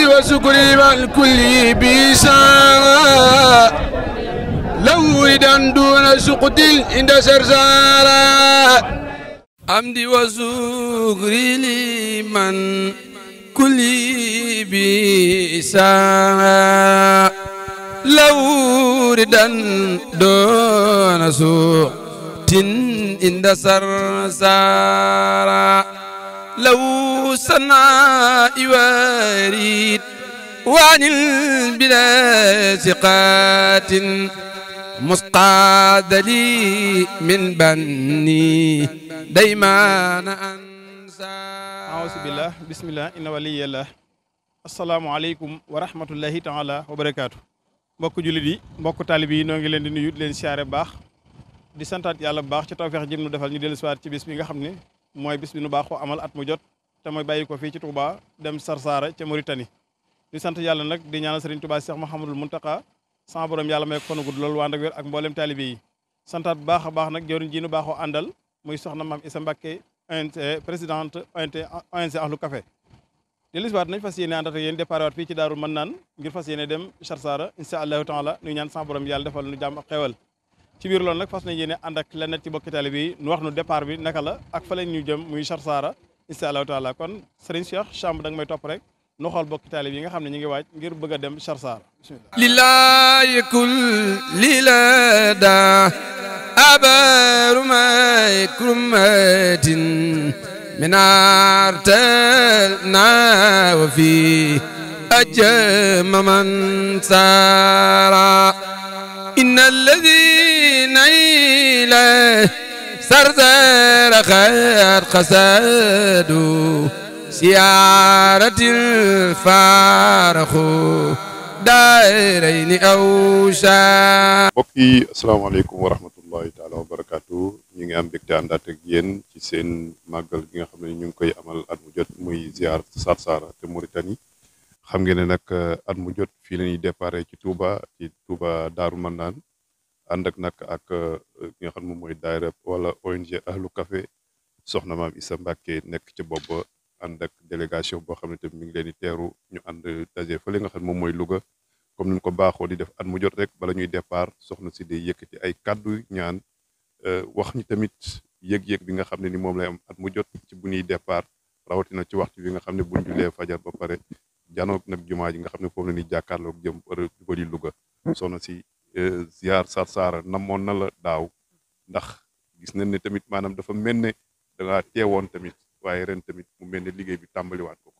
الحمد وشكري والكل بيسا لو إذن دون سقط عند سرسارا حمدي وشكري لمن كل بيسا لو إذن دون سقط عند سرسارا لو صنع يواريد وعن البلا ثقات مسقاد لي من بني ديمان أنسى أعوذ بالله بسم الله إن ولي الله asalaamaaleykum wa rahmatullahi taala wa barakaatu mbokk jullit yi mbokk leen di nuyu di leen siyaare baax di santaat yàlla bu baax ci tawfeex jëm nu defal ñu dellu siwaat ci bis bi nga xam ni mooy bis bi nu baaxoo amal at mu jot te mooy bàyyi ko fii ci Touba dem Sarsara ca Mauritanie di sant yàlla nag di ñaanal Serigne Touba Cheikh Mouhamadul Mountakha sama borom yàlla may ko fan gudd loolu waan ak wér ak mboolem taalibe yi santaat bu baax a baax nag jëwriñ ji nu baaxoo àndal muy soxna Mame Issa Mbacké ONC présidente ONC ONC Ahlu Café dellusiwaat nañ fas yéene àndat ak yéen départ waat fii ci Daarul Mannaan ngir fas yéene dem Sarsara incha allahu taala nuy ñaan sama borom yàlla defal nu jàmm ak xewal ci biir loolu nag fas nañ yéene ànd ak leneen ci bokki taalibe nu wax nu départ bi naka la ak fa lañ jëm muy Sarsara incha allahu taala kon Serigne Cheikh Samb da may topp rek nu xool bokki taalibe yi nga xam ne ñu ngi waaj ngir bëgg a dem Sarsara lillahi kul lilada abarumay kurmatin minartel na wa fi أجم من سارا إن الذي نيل سرزر خير قسد سيارة الفارخ daarayni aw mbokk yi asalaamaaleykum wa rahmatullahi taala wa barakaatu ñu ngi am mbégte àndaat ak yéen ci seen màggal gi nga xam ne ñu ngi koy amal at mu jot muy ziar Sarsara te Mauritanie xam ngeen ne nag at mu jot fii la ñuy déparé ci Touba ci Touba Daaru Mandaan ànd ak nag ak euh, ki nga xam moom mooy daayira wala ONG allu kafe soxna maam Issa Mbacke nekk ci bopp ba ànd délégation boo xam ne tamit mi ngi leen di teeru ñu ànd daje fële nga xam moom mooy Louga comme ni ko baaxoo di def at mu jot rek bala ñuy départ soxna si di yëkkati ay kàddu ñaan euh, wax ñu tamit yëg-yëg bi nga xam ne ni moom lay am at mu jot ci bu ñuy départ rawatina ci waxtu wi nga xam ne buñ julee fajar ba pare janoog nag jumaa ji nga xam ne foofu la ñuy jàkkaarloog jëm jubali Louga hmm. soxna si Euh, ziar Sarsara namoon na la daaw ndax gis nañ ne tamit maanaam dafa mel ne da ngaa tamit waaye ren tamit mu mel ne liggéey bi tàmbaliwaat ko.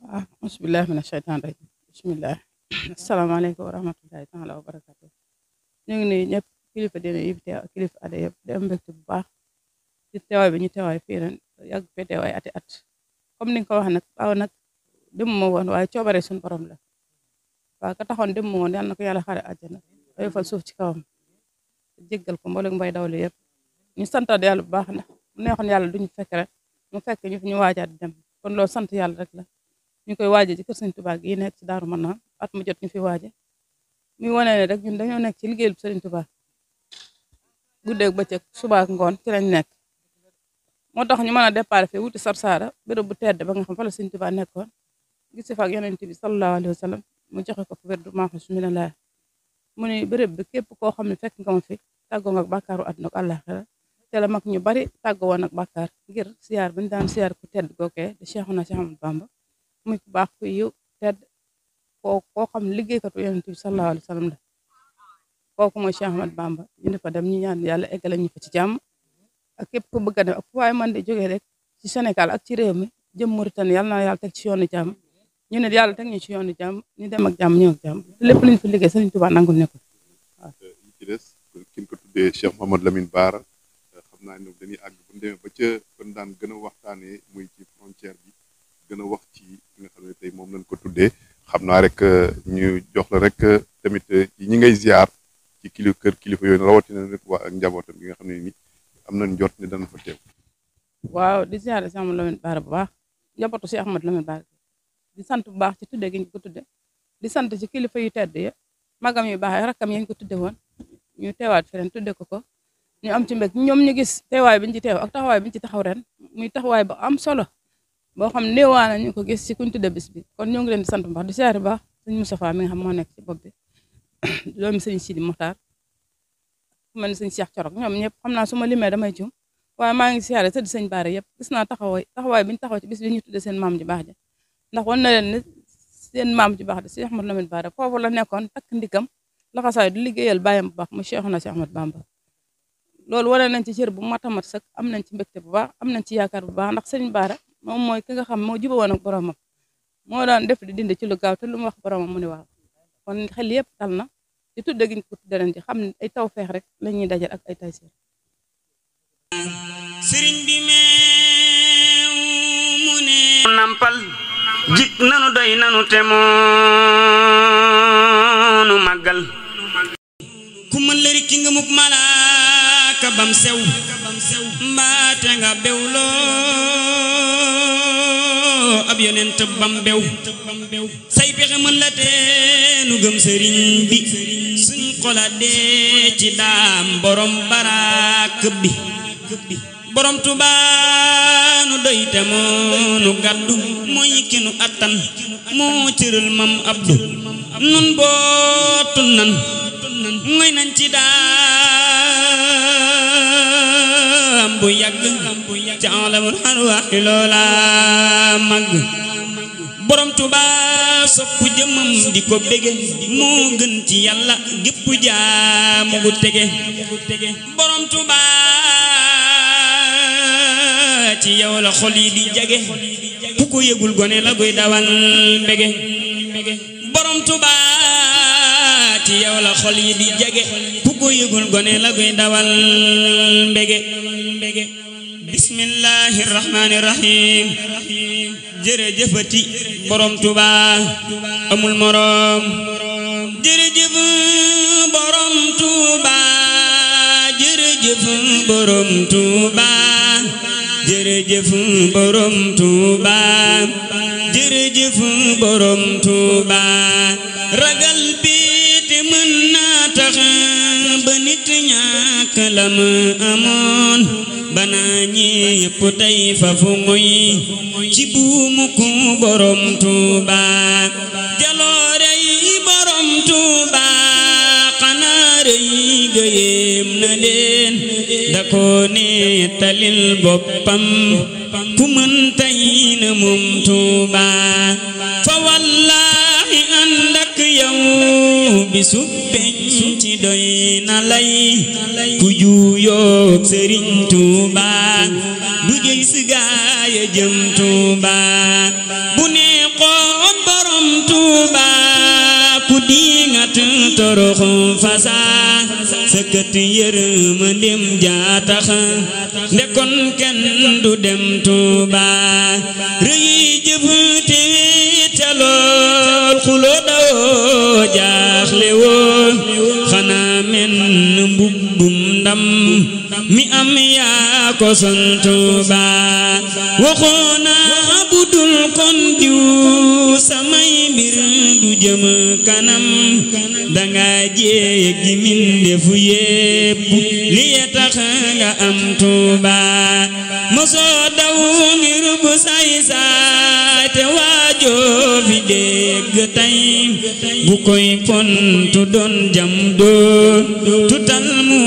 waaw ah, a mina shaytaan rajim bismillah asalaamaaleykum wa rahmatullahi taala wa barakatu bu baax ci teewaay bi ñu teewaay fii ren yàgg fee teewaay at comme ni nga ko wax nag baaw nag demuma woon waaye coobare suñu borom la waaw ka taxoon dem woon yal na ko yàlla xare àjjana fa suuf ci kawam jéggal ko mboolem mbay dawli yëpp ñu santaat yàlla bu baax ndax mu neexoon du duñu fekk rek mu fekk ñu fi ñu waajaat dem kon loo sant yàlla rek la ñu koy waaje ci kër Sëñ Tuubaa gi nekk ci Daaru Manaan at mu jot ñu fi waaje muy wane ne rek ñun dañoo nekk ci liggéeyal Sëriñ Tuubaa guddeeg bëccëg suba ak ngoon ci lañ nekk moo tax ñu mën a départ wuti wuti Sarsara béréb bu tedd ba nga xam fa la Sëriñ Tuubaa nekkoon gis fa ak Yonent bi sallallahu alayhi wa sallam mu joxe ko werdu maa fa bismillah mu ne béréb bi képp koo xam ne fekk nga ma fi tàggoo nga ak bàkkaaru àdduna ak àllaaxira te la mag ñu bari tàggoo won ak bàkkaar ngir siyaar bi ñu daan siyaar ku tedd gookee di Seexuna Seex Ahmadu Bamba muy baax ku yiw tedd koo koo xam liggéeykatu yonent bi sallallahu alayhi wa sallam la kooku mooy Seex Ahmadu Bamba ñu ne fa dem ñu ñaan yàlla eggale ñu fa ci jàmm ak képp ku bëgg a dem fu waaye man de joge rek ci senegal ak ci réew mi jëm Mauritanie yàlla na yàlla teg ci yoonu jàmm ñu ne yàlla te ñu ci yoonu jàmm ñu dem ak jàmm ñëw ak jàmm lépp luñ ko waaw. Euh, li ci des ki ñu ko tuddee Cheikh Mouhamadou Lamine euh, xam naa ne dañuy àgg bu ñu demee ba ca fan daan gën a waxtaanee muy ci a wax ci xam ne moom lañ ko tuddee xam naa rek euh, ñu jox la rek tamit ñi ngay ziar ci kili kër kilifa yooyu rawatina rek wa ak njabootam gi nga xam ne ni am nañ jot ne dana fa teew. waaw di ziar Cheikh Mouhamadou Lamine Bara bu baax njabootu Cheikh Mouhamadou Lamine Bara. di sant bu baax ci tudde gi ñu ko tudde di sant ci kilifa yu tedd ya magam yu baax yi rakkam yañ ko tudde woon ñu tewaat fi ren tudde ko ko ñu am ci mbég ñoom ñu gis teewaay biñ ci teew ak taxawaay biñ ci taxaw ren muy taxawaay am solo boo xam néewaa na ñu ko gis ci kuñ tudde bis bi kon ñoo ngi leen di sant bu baax di siyaare baax sëñ Moustapha mi nga xam moo nekk ci bopp bi doomi sëñ Sidi Moxtaar ku mel ni sëñ Cheikh Corok ñoom ñëpp naa su ma limee damay jum waaye maa ngi siyaare sëdd sëñ Baare yëpp naa taxawaay taxawaay biñ taxaw ci bis bi ñu tudde seen maam ji baax ja ndax wan na leen ne seen maam ju baax de Cheikh Ahmadou Lamine Bara foofu la nekkoon takk ndigam laxasaay du liggéeyal bàyyam bu baax mu Cheikh na Cheikh Ahmadou Bamba loolu wane nañ ci cër bu mat a mat sax am nañ ci mbégte bu baax am nañ ci yaakaar bu baax ndax Serigne Bara moom mooy ki nga xam moo jubawoon ak boromam moo daan def di dindi ci lu gaaw te lu mu wax boromam mu ne waaw kon xel yëpp dal na di tudde giñ ko tudde nañ xam ne ay taw feex rek la ñuy dajal ak ay tayseer sëriñ jig nanu doy nanu te moonu màggal ku mën la rikki nga muk malaaka bam sew mbaate nga bew loo ab yonent bam bew say pexe mën la teenu gëm sëriñ bi suñ xola dee ci daam borom baraak bi jub bi borom tuba nu doy te moo nu gàddu mooy ki attan moo cëral mam abdu nun bootu nan ngoy nañ ci daam bu yàgg ca alamul arwaaxi loola màgg borom tuba sopp jëmmam di ko bége moo gën ci yàlla gépp jaamu gu tege ci yow la xol yi di jage ku gone la dawal mbege borom tuba ci yow la xol yi di jage ku ko yëgul gone la dawal mbege bismillahi rahmaani rahim borom tuba amul morom jërëjëf borom tuba jërëjëf borom tuba jërëjëf borom Touba ragal bi te mën naa tax ba nit ñàkk la mu amoon banaa ñépp tey fa fu muy ci buumu ku borom Touba jaloore yi borom Touba xanaa rëy gëyeem na leen da koo nee talil boppam ku mën tay na moom Tuuba fa wallaahi ànd ak yow bisu penc doy na lay ku juuyoog Sëriñ Tuuba du gis gaaya jëm Tuuba bu nee xoom borom Tuuba ku diingat toroxu fasaa sëkkati yërëma ndem jaatax ndekon kenn du dem Tuuba rëyi jëf te weetalool xuloo dawoo jaaxle woo xanaa menn mbubbum ndam mi am yaa ko sol waxoona bu dul kon diw samay mbir du jëm tey bu pontu doon jam doo tutal mu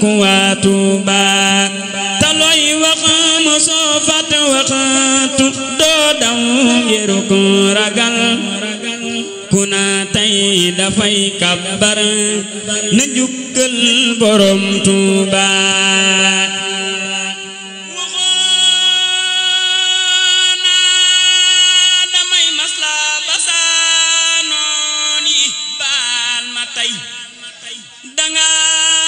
ku waatu baat wax mu soo fat waxaatu doo daw ngir ragal ku naa tey dafay kabbar na jukkal borom Tuubaa